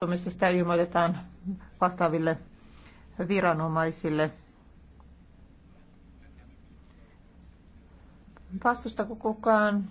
Tuomisesta ilmoitetaan vastaaville viranomaisille. Vastusta kukaan